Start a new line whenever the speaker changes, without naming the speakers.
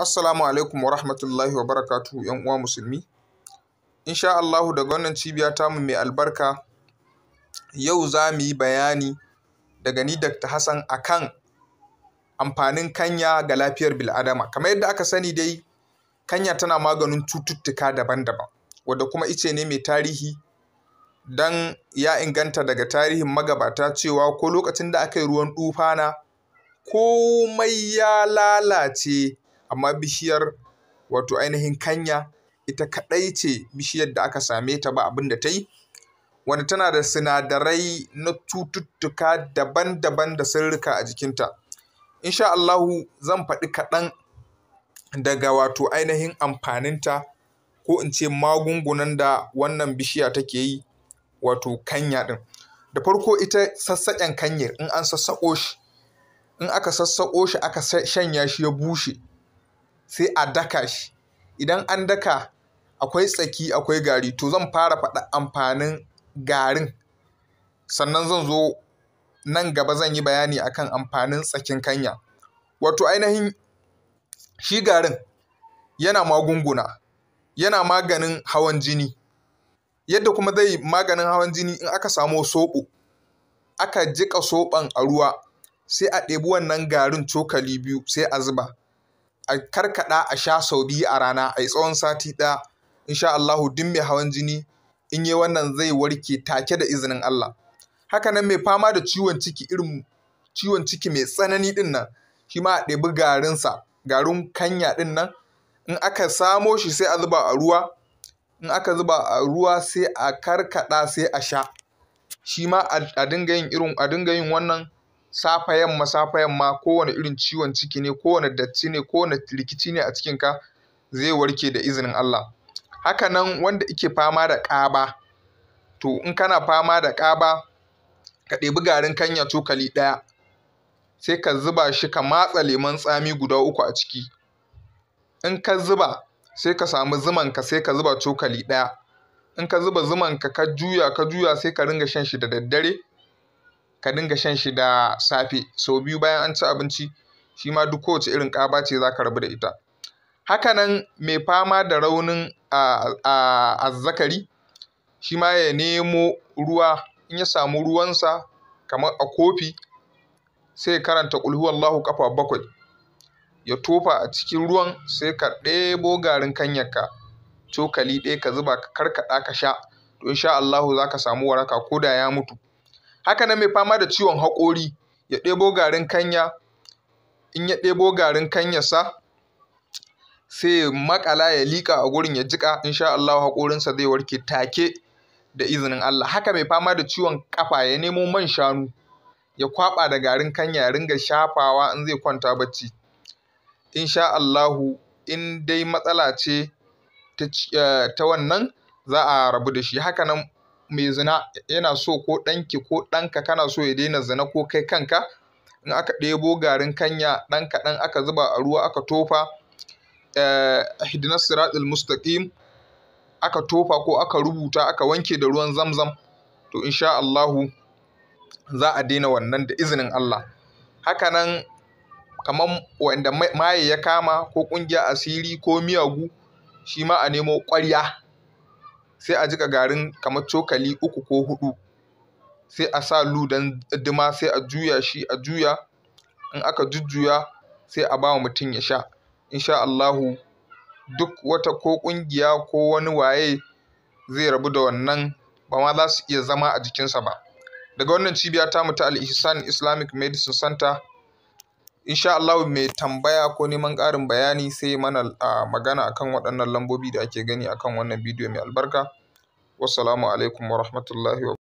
Assalamu alaikum wa rahmatullahi wa barakatuhu ‘yan uwa musulmi. Insha Allahu daga wannan cibiya mu mai albarka yau za mu yi bayani daga ni Dr. Hassan akan amfanin kanya ga lafiyar bil'adama. Kamar yadda aka sani dai, kanya tana maganin cututtuka daban-daban, wadda kuma ice ne mai tarihi don ya inganta daga tarihin magabata cewa ko lokacin da aka yi ruwan ɗufana komai ya lalace amma bishiyar wato ainihin kanya ita kaɗai ce bishiyar da aka same ta ba abin da ta yi wanda tana da sinadarai na cututtuka daban-daban da sirrika a jikinta insha Allahu zan faɗi kaɗan daga wato ainihin amfaninta ko in ce magungunan da wannan bishiya take yi wato kanya ɗin da farko ita sassaƙen kanyar in an sassaƙo shi in aka sassaƙo shi aka shanya shi ya bushe sai a daka shi idan an daka akwai tsaki akwai gari to zan fara faɗa amfanin garin sannan zan zo nan gaba zan yi bayani akan amfanin tsakin kanya wato ainihin shi garin yana magunguna yana maganin hawan jini yadda kuma zai maganin hawan jini in aka samu soɓo aka jiƙa soɓon a ruwa sai a ɗebi wannan garin cokali biyu sai a zuba a karkada a sha sau biyu a rana a tsawon sati ɗaya insha Allahu duk mai hawan jini in yi wannan zai warke take da izinin Allah hakanan mai fama da ciwon ciki irin ciwon ciki mai tsanani din nan shi ma a ɗebi garinsa garin kanya din nan in aka samo shi sai a zuba a ruwa in aka zuba a ruwa sai a karkada sai a sha shi ma a dinga yin irin a dinga yin wannan safa yamma safa yamma kowane irin ciwon ciki ne kowane datti ne kowane rikici ne a cikinka zai warke da izinin Allah haka nan wanda ike fama da ƙaba to in kana fama da ƙaba ka ɗebi garin kanya cokali ɗaya sai ka zuba shi ka matsa lemon tsami guda uku a ciki in ka zuba sai ka samu zumanka sai ka zuba cokali ɗaya in ka zuba zumanka ka juya ka juya sai ka ringa shan shi da daddare ka dinga shan shi da safe sau biyu bayan an ci abinci shi ma duk kowace irin ƙaba ce za ka rabu da ita Haka nan, mai fama da raunin azzakari shi ma ya nemo ruwa in ya samu ruwansa kamar a kofi sai ya karanta ƙulhu Allahu kafa bakwai ya tofa a cikin ruwan sai ka ɗebo garin kanyarka cokali ɗaya ka zuba ka karkaɗa ka sha to insha Allahu za ka samu waraka ko da ya mutu haka nan mai fama da ciwon haƙori ya ɗebo garin kanya in ya ɗebo garin kanyarsa sai maƙala makala ya liƙa a gurin ya jiƙa sha Allah haƙorinsa zai warke take da izinin Allah haka mai fama da ciwon ƙafa, ya nemo man shanu ya kwaɓa da garin kanya ya ringa shafawa in zai kwanta bacci sha Allahu in dai matsala ce eh, ta wannan za a rabu da shi haka nan mai zina yana so ko ɗanki ko ɗanka kana so ya daina zina ko kai kanka in aka ɗebo garin kanya ɗan kaɗan aka zuba a ruwa aka tofa hidinar eh, siratul mustaqim aka tofa ko aka rubuta aka wanke da ruwan zamzam to insha Allahu za a daina wannan da izinin Allah hakanan kamar wanda maye ya kama ko ƙungiya asiri ko miyagu shi ma a nemo ƙwarya sai a jika garin kamar cokali uku ko hudu sai a sa lu don dima sai a juya shi a juya in aka jujjuya sai a ba wa mutum ya sha insha Allahu duk wata ko kungiya ko wani waye zai rabu da wannan ba ma za su iya zama a jikinsa ba daga wannan cibiya ta mutu al-Ihsan Islamic Medicine Center insha Allah mai tambaya ko neman ƙarin bayani sai mana a magana akan waɗannan lambobi da ake gani akan wannan bidiyo mai albarka. Wassalamu alaikum wa rahmatullahi wa